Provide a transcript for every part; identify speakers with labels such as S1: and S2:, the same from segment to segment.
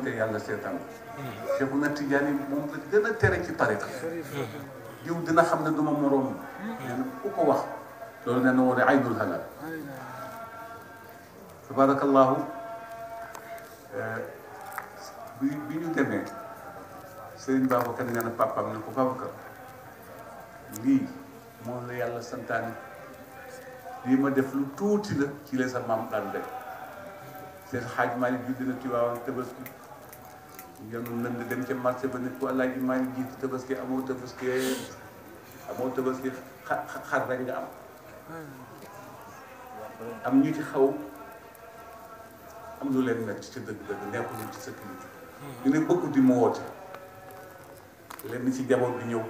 S1: te yàlla seetaan Seexuna Tijaan yi moom la gën a tere ci tariqa diw dina xam ne duma moroom nee na ko wax loolu nee na woon aynul halal tabarakallahu eh, bi bi ñu demee Serigne Babacar nee na papam ne ko Babacar lii moom la yàlla santaane lii ma def lu tuuti la ci la sa maam daan seen xaaj maa ngi judd na Tiwaawan tabaski ngeen mën dem ca marché ba nit ku alaaji maa ngi jiitu tabaski amoo tabaski amoo tabaski xa xar rek nga am am ñu ci xaw am lu leen metti ci dëgg-dëgg nekkul ci sëkk bi ñu ne bëgg di mu woote leen ci jaboot bi ñëw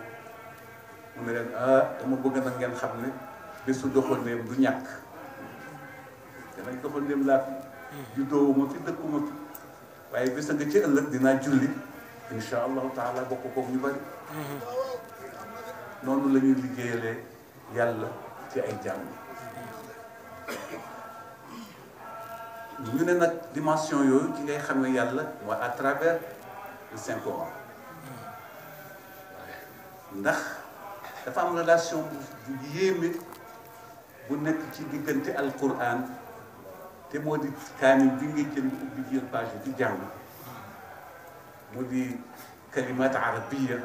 S1: mu ne leen ah, dama bëgg nag ngeen xam ne bésu doxandéem du ñàkk danañ doxandéem laa juddoo ma fi dëkku ma fi waaye bés nga ci ëllëg dinaa julli incha allahu taala bokk koog ñu bari noonu la ñuy liggéeyalee yàlla ci ay jàmm ñu ne nag dimension yooyu ci ngay xamee yàlla mooy à travers le saint Coran ndax dafa am relation bu yéeme bu nekk ci diggante alquran te moo di kaamil bi ngeen jël ubbi jël page di jàng mu di kalimat arabiya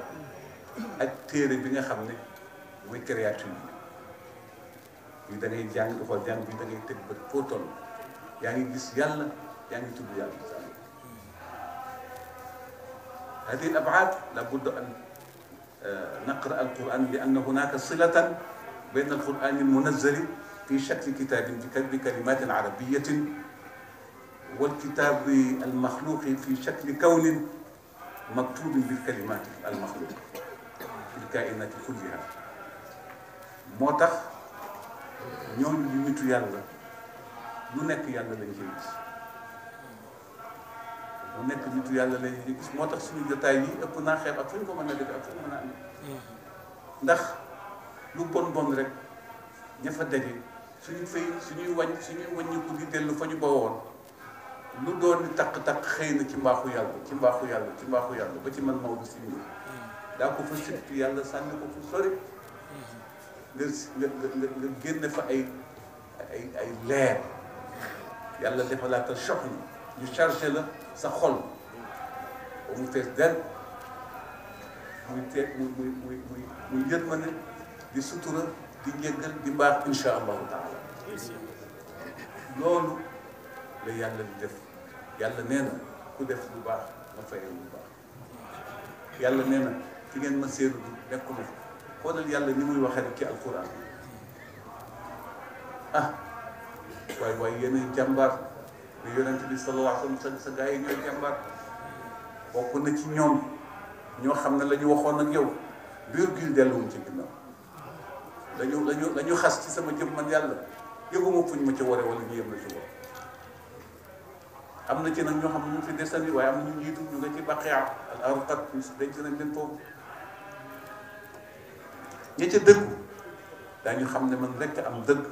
S1: ak téere bi nga xam ne mooy créature yi da ngay jàng xool jàng bi da ngay teg bët foo toll yaa ngi gis yàlla yaa ngi tudd yàlla هذه الأبعاد لابد أن نقرأ القرآن لأن هناك صلة بين القرآن المنزل في شكل كتاب بكتب كلمات عربية والكتاب المخلوق في شكل كون مكتوب بالكلمات المخلوق في الكائنات كلها موتخ نيون يميتو يالا نونك يالا لنجيس نونك يميتو يالا لنجيس موتخ سنو جتاي اپنا خير اپنا خير اپنا خير اپنا خير اپنا خير اپنا خير اپنا خير suñu fay suñuy wañ suñuy wàññiku di dellu fa ñu bawoon lu doon taq-taq xëy na ci mbaaxu yàlla ci mbaaxu yàlla ci mbaaxu yàlla ba ci man Maodo si nii daa ko fa sëppi yàlla sànni ko fu sori nga nga nga nga génne fa ay ay ay leer yàlla defalaatal choc yi ñu chargé la sa xol ba mu fees del muy teg muy muy muy muy muy yërmande di sutura di njëggal di mbaax incha allahu taala Russie loolu la yàlla di def yàlla nee na ku def lu baax ma fayal lu baax yàlla nee na fi ngeen ma séenu du nekkuma fa xoolal yàlla ni muy waxee rek ci alquran ah waaye waaye yéen ay jàmbaar ne yonent bi sallallahu alayhi wa sallam sa gaa yi ñooy jàmbaar bokk na ci ñoom ñoo xam ne la ñu waxoon ak yow virgule delluwuñ ci ginnaaw dañu dañu dañu xas ci sama jëmm man yàlla yëguma fuñ ma ci waree wala ñu yëm na ci war am na ci nag ñoo xam ne ñu fi desandi waaye am na ñu jiitu ñu nga ci baqia al arqat denc nañ leen foofu ña ca dëggu daañu xam ne man rekk am dëgg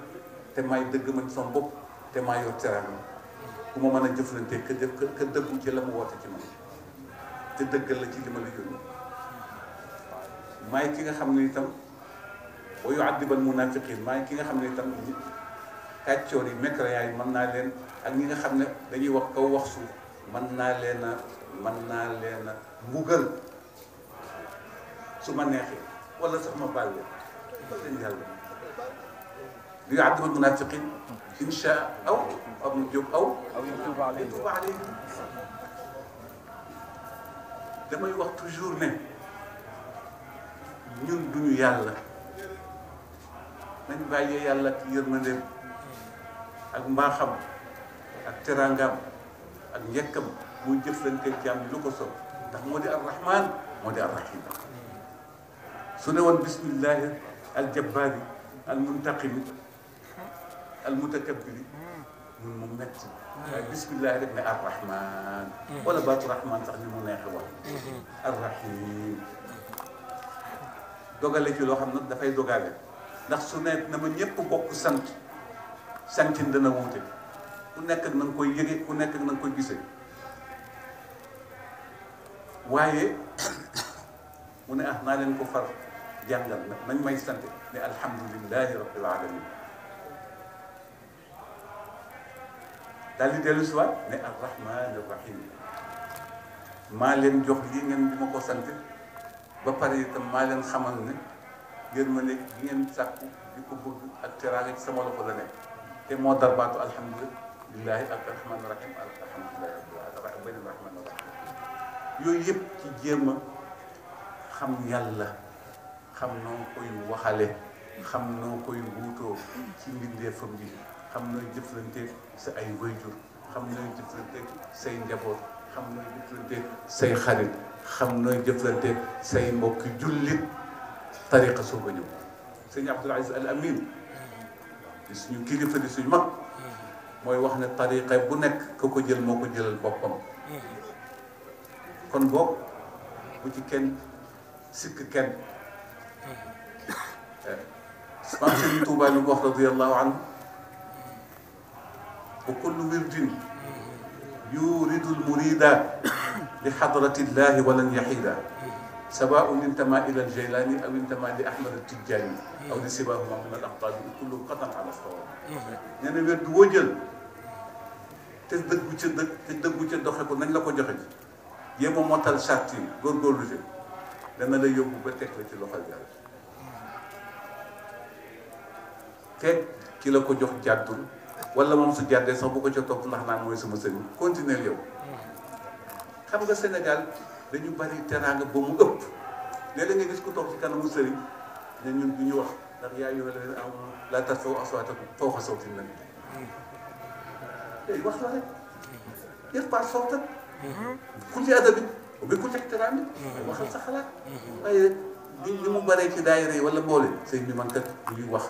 S1: te may dëgg man sama bopp te may yor teraanga ku ma mën a jëflante ka def ka dëggu ci la mu woote ci man te dëgg la ci li ma la yónni waaw may ki nga xam ne itam wa yu'addibu al munafiqin may ki nga xam ne tam itam kàccoor yi mécréants yi mën naa leen ak ñi nga xam ne dañuy wax kaw wax suuf mën naa leen a mën naa leen a mbugal su ma neexee wala sax ma bàyyi ba leen yàlla li yu'adhibu al-munaafiqiin in shaa aw aw mu jóg aw yatuuba alayhim damay wax toujours ne ñun duñu yàlla nañ bàyyee yàlla ak yërmandeem ak mbaaxam ak teraangam ak njëkkam muy jëflante jaam bi lu ko sob ndax moo di arrahman moo di arrahim su ne woon bismillahi aljabbaari almuntaqimi almutakabbiri mun mu metti waaye bismillahi rek ne arrahman wala baatu rahman sax ni mu neexe wax arrahim dogale ci loo xam ne dafay dogale ndax su ne na ma ñëpp bokk sant santin dana wuute ku nekk ak na nga koy yëge ku nekk ak na nga koy gisee waaye mu ne ah naa leen ko far jàngal nag nañ may sant ne alhamdulilahi rabbil alamin daal dellu si ne arrahmani rahim maa leen jox yi ngeen di ma ko sant ba pare itam maa leen xamal ne ngeen ma ne ngeen sàkku di ko bëgg ak teraanga sama loxo la nekk تم ضرباته الحمد لله الرحمن الرحيم الحمد لله رب العالمين الرحمن الرحيم يجيب تجيم خم يلا خم نو كوي وخلة خم نو كوي بوتو كم بدي فمدي خم نو يجيب فلنتي سأي ويجور خم نو يجيب فلنتي سين جبور خم نو يجيب فلنتي سين خالد خم نو يجيب فلنتي سين موك جلد طريقة سوبنيو سين عبد العزيز الأمين di suñu kilifa di suñu mag mooy wax ne tariqa bu nekk ku ko jël moo ko jëlal boppam kon boog bu ci kenn sikk kenn maam Sëriñ Tuubaa li mu wax radiyallahu anhu wa kullu wirdin yuridu l murida li xadratillahi walan yaxida سواء انتمى الى الجيلاني او انتمى لاحمد التجاني او لسباه محمد القاضي كل قطع على الصواب يعني إيه. بيرد وجل تدق بتدق تدق بتدق نان لاكو جوخي يما موتال شاتي غور غور لوجي دا نا لا يوب با تك لا سي لوخال جال تك كي لاكو جوخ جادول ولا مام سو جادي سو بوكو تي توك نخ نان موي سما سيرين كونتينيل يو إيه. خمغا سينيغال dañu bari teraanga ba mu ëpp léeg-léeg nga gis ku toog ci kanamu sëriñ ne ñun du wax ndax yaa ngi leen am laa tarfa'u aswaatakum fawqa sawti nabi day eh, wax la rek yarfa sawtak ku ci adabi bi ku teg teraanga waxal sa xalaat mm-hmm. waaye li mu baree ci daayira yi wala mboole sëñ bi man kat wax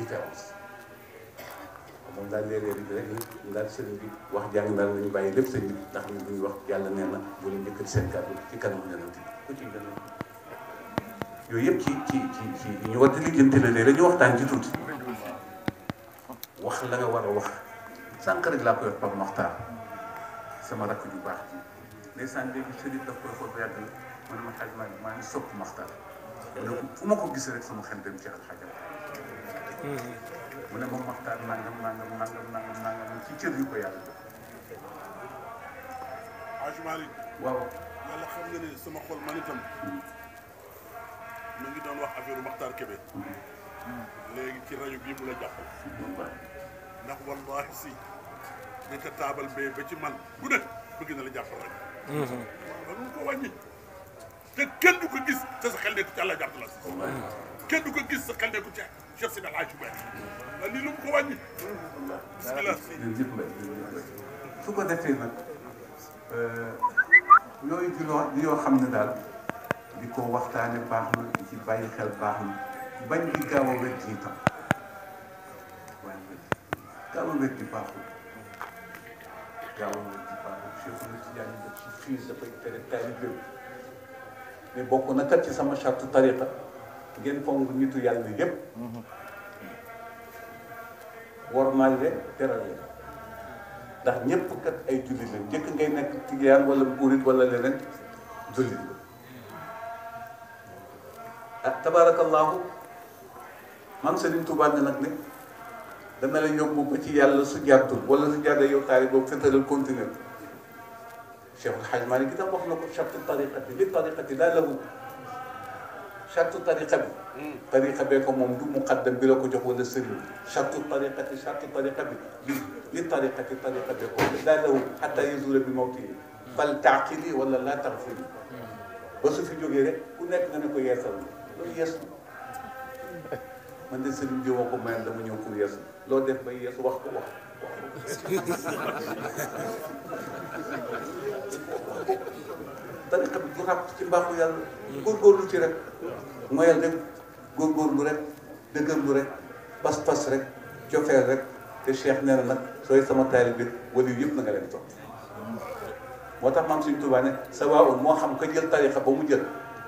S1: différence moom daal léeg-léeg bi wax jàng daal ñu bàyyi lépp sëriñ bi ndax wax yàlla nee na bu leen yëkkati seen kàddu ci kanam yonent ci yooyu yëpp ci ci ci ñu war di liggéeyante la léeg ñu waxtaan ci tuuti wax la nga war a wax sànq rek laa koy wax Pape sama rakk ju baax ji ndeysaan léegi sëriñ daf koy ma ne ma xaj maa ngi sopp Makhtar fu ma ko gis rek sama xel dem ci alxaaj mu ne ma Maxtaar nangam nangam nangam nangam nangam ci cër yu ko yàlla jox. Ajmalik. waaw. yàlla xam nga ne sama xol man itam. mu ngi doon wax affaire Maxtaar Kébé. léegi ci rajo bii mu la jàppal. ndax wallaahi si. nekk taabal bee ba ci man bu ne bëgg na la jàppal rajo. danu ko wàññi. te kenn du ko gis te sa xel nekk ci àll jàpp la si. kenn du ko gis sa xel nekk ci Cheikh Seydi El Hadji Malick lii lu mu ko wàññi bismillah jërëjëf Mbaye
S2: su ko defee nag
S1: yooyu dinoo di yoo xam ne daal di ko waxtaane baax na di ci bàyyi xel baax na bañ di gaaw a wet yi tam bañ gaaw a wet di baaxul gaaw a wet di baaxul Cheikh Ahmed Tidiane daf ci fii dafay tere taalibe mais bokk na kat ci sama charte tariqa ngeen fonk nitu yàlla yépp wormaal leen teral leen ndax ñëpp kat ay jullit la njëkk ngay nekk tijaan wala murit wala leneen jullit la ah tabaarakallaahu maam Serigne Touba ne nag ne dana la yóbbu ba ci yàlla su jàddul wala su jàddee yow taari boobu fetaral continuer Cheikh El Hadj Malick itam wax na ko charte tariqati li tariqati laa chartu tariqa bi tariqa bee ko moom du muqaddam bi la ko jox wala sëriñ chartu tariqati chartu tariqa bi li li tariqati tariqa bee ko daa law xatta yezura bi mawti fal taaqili wala laa taxfili ba su fi jógee rek ku nekk nga ne ko yeesal loolu yees na man de sëriñ bi woo ko mayam dama ñëw pour yeesu loo def ba yeesu wax ko wax tariqa bi du rab ci mbaaxu yàlla góorgóorlu ci rek moyal rek góorgóorlu rek dëgërlu rek pas-pas rek cofeel rek te cheikh nee na nag sooy sama taali bi waliyu yëpp na nga leen moo tax maam suñ Tuubaa sa waaw moo xam ka jël tariqa ba mu jël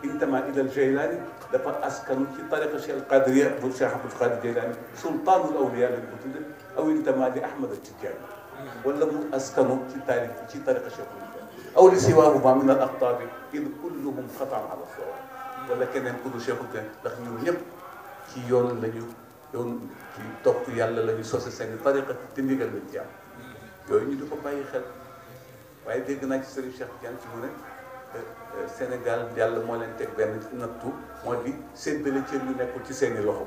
S1: انتمى الى الجيلاني لقد اسكنوا في طريق الشيخ القادريه الشيخ عبد القادر الجيلاني سلطان الاولياء للبطوله او انتمى لاحمد التجاني ولا اسكنوا في طريق في طريق الشيخ او لسواهما من الاقطاب اذ كلهم خطا على الصواب ولكن keneen ku dul لكن يجب كي يون ñëpp يون كي la يالا yoon ci topp yàlla تنديك ñu يون يدوك باي خل te ndigal lañ ci am Sénégal yàlla moo leen teg benn nattu moo di séddale cër yu nekkul ci seeni loxo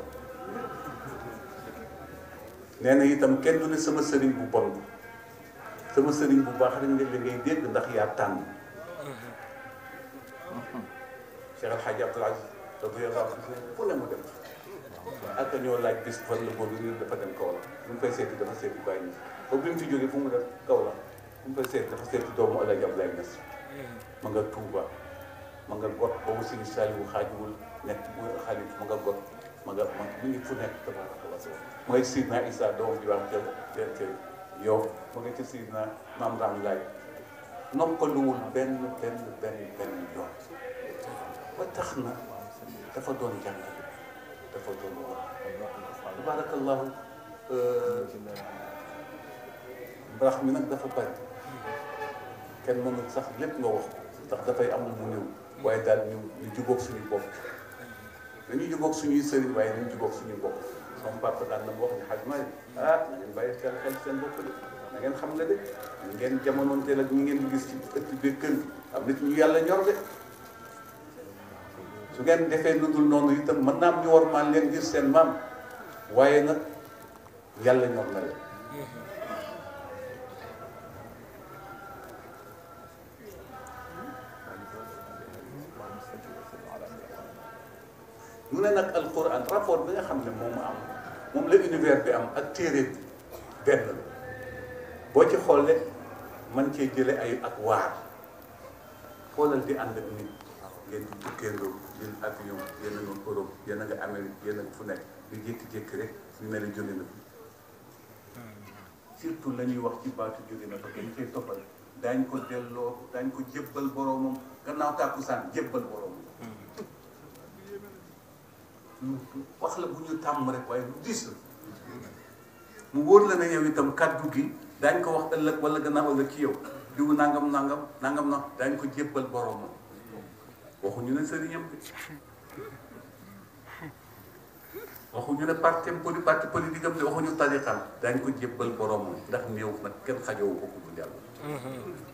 S1: nee na itam kenn du ne sama sëriñ bu bon sama sëriñ bu baax rek nga li dégg ndax yaa tànn Cheikh El Hadj Abdoul Aziz radiyallahu anhu fu ne mu dem ak ñoo laaj bis fan la boobu ñu dafa dem Kaolack bu mu fay seeti dafa seeti bàyyi ba bi mu fi jógee fu mu def Kaolack la mu fay seeti dafa seeti doomu ma nga Touba ma nga got boobu sëñ Saliou xaajuwul nekk xaalis ma nga got ma nga fu nekk ma nga ca Sidna Maam Raam Laay noppaluwul benn benn benn benn yoon ba na dafa doon jàngal dafa doon wax tabaarakallahu euh, mbaax mi nag dafa bari kenn mënul sax lépp nga wax ndax dafay amul mu néew waaye daal ñu ñu jubóog suñu bopp dañuy jubóog suñuy sëriñ waaye ñu jubóog suñu bopp sama papa daan na ma wax ne xaj maa yi ah na ngeen bàyyi seen xel seen bopp de na ngeen xam ne de ngeen jamonoonteel ak ñu ngeen di gis ci ëtt bi kër gi am nit ñu yàlla ñor de su ngeen defee lu dul noonu itam mën naa am ñu war maan leen ngir seen maam waaye nag yàlla ñor na leen mu ne nag alquran rapport bi nga xam ne moom am moom la univers bi am ak téere bi benn la boo ci xoolee man cee jële ay ak waar xoolal di ànd ak nit ngeen di tukkeendoo jël avion yéen a nga Europe yéen a nga Amérique fu nekk di jékki-jékki rek ñu mel ni jóge na surtout la ñuy wax ci baatu jóge na ko dañ cee toppal daañ ko delloo daañ ko jébbal boroomam gannaaw tàkkusaan jébbal boroomam wax la bu ñu tàmm rek waaye lu diis la mu wóor la ne yow itam kàddu gi daañ ko wax ëllëg wala gannaaw ëllëg ci yow diw nangam nangam nangam na daañ ko jébbal boroomam waxuñu ne sëriñam bi waxuñu ne parti poli parti politique am de waxuñu tariqam daañ ko jébbal boroomam ndax néew nag kenn xajoo ko ku dul yàlla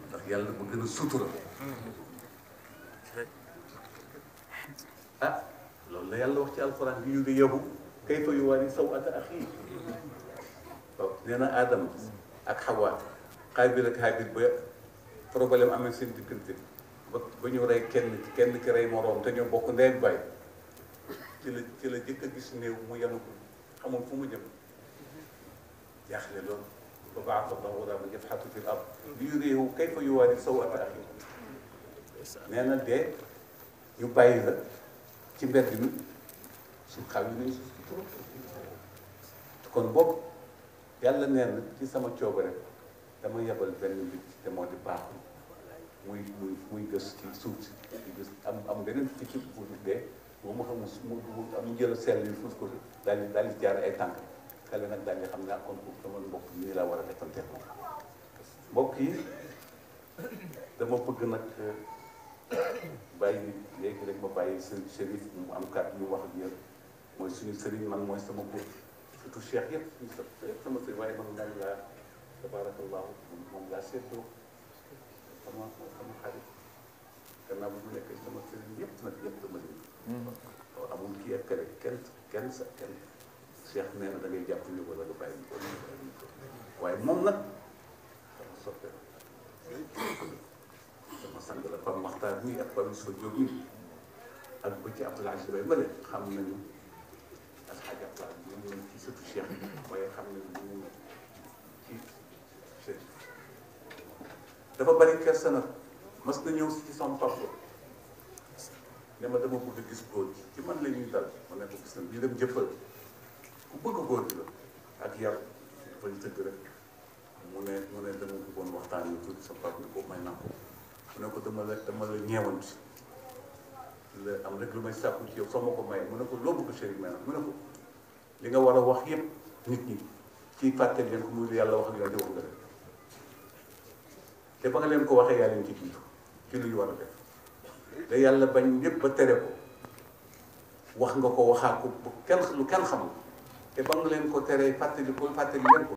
S1: ndax yàlla bu gën a sutura la yàlla wax ci alxuraan bi yuriyahu kayfa yuwaari saw'ata axiihi nee na Adama ak Hawa Xaabil ak Haabil ba problème amee seen diggante ba ba ñu rey kenn kenn ki rey moroom te ñoo bokk ndey ak baay ci la ci la jëkk a gis néew mu yanu ko xamul fu mu jëm jaaxle loolu fa ba'atha Allahu ghuraaban yabhathu fil ard li yuriyahu kayfa yuwaari saw'ata axiihi nee na de ñu bàyyi la. ci mbedd mi suuf xaw yi nañ suuf si trop kon boog yàlla nee ci sama coobare dama yebal benn mbir te moo di baaxul muy muy gës ci suuf si di gës am am beneen picc xam mu am njëriñ sell yi fuuf ko daal di jaar ay tànk xale nag daal di xam ne ah kon foofu dama laa war a defanteel moom dama bëgg nag. bàyyi nit léegi rek ma bàyyi sëriñ Chérif mu am kàddu yu wax ak yéen mooy suñu sëriñ man mooy sama góor surtout Cheikh yëpp suñu sa yëpp sama sëriñ waaye man ngaan laa tabarakallahu moom laa seetoo sama sama xarit gannaaw bu mu nekkee sama sëriñ yëpp nag yëpp sama sëriñ hmm. amul kii ak kenn kenn kenn sa kenn Cheikh nee na da ngay jàpp ñu ko la nga bàyyi ñu ko waaye moom nag kami ekomi sojogi ak ba ci Abdoul Aziz Bay mëne xam nañu alxaaji Abdoul Aziz ñu ngi ci sëtu Cheikh waaye xam nañu ñu ngi ci Cheikh dafa bari kersa nag mas na ñëw si ci sama papa ne ma dama bëgg gis góor gi ci man la ñuy dal ma ne ko gis na ñu dem jëppal ku bëgg góor gi la ak yar dafa ñu tëgg rek mu ne mu ne dama bëggoon waxtaan yu tuuti sa papa ni ko may naa ko mu ne ko dama la dama la ñeewant la am rek lu may sàkku ci yow soo ma ko maye mu ne ko loo bëgg sëriñ maanaam mu ne ko li nga war a wax yëpp nit ñi ci fàttali leen ko muy yàlla wax ak yow di wax te ba nga leen ko waxee yàlla leen ci jiitu ci lu ñu war a def te yàlla bañ ñëpp ba tere ko wax nga ko waxaat ko bu kenn lu kenn xamul te ba nga leen ko teree fàttali ko fàttali leen ko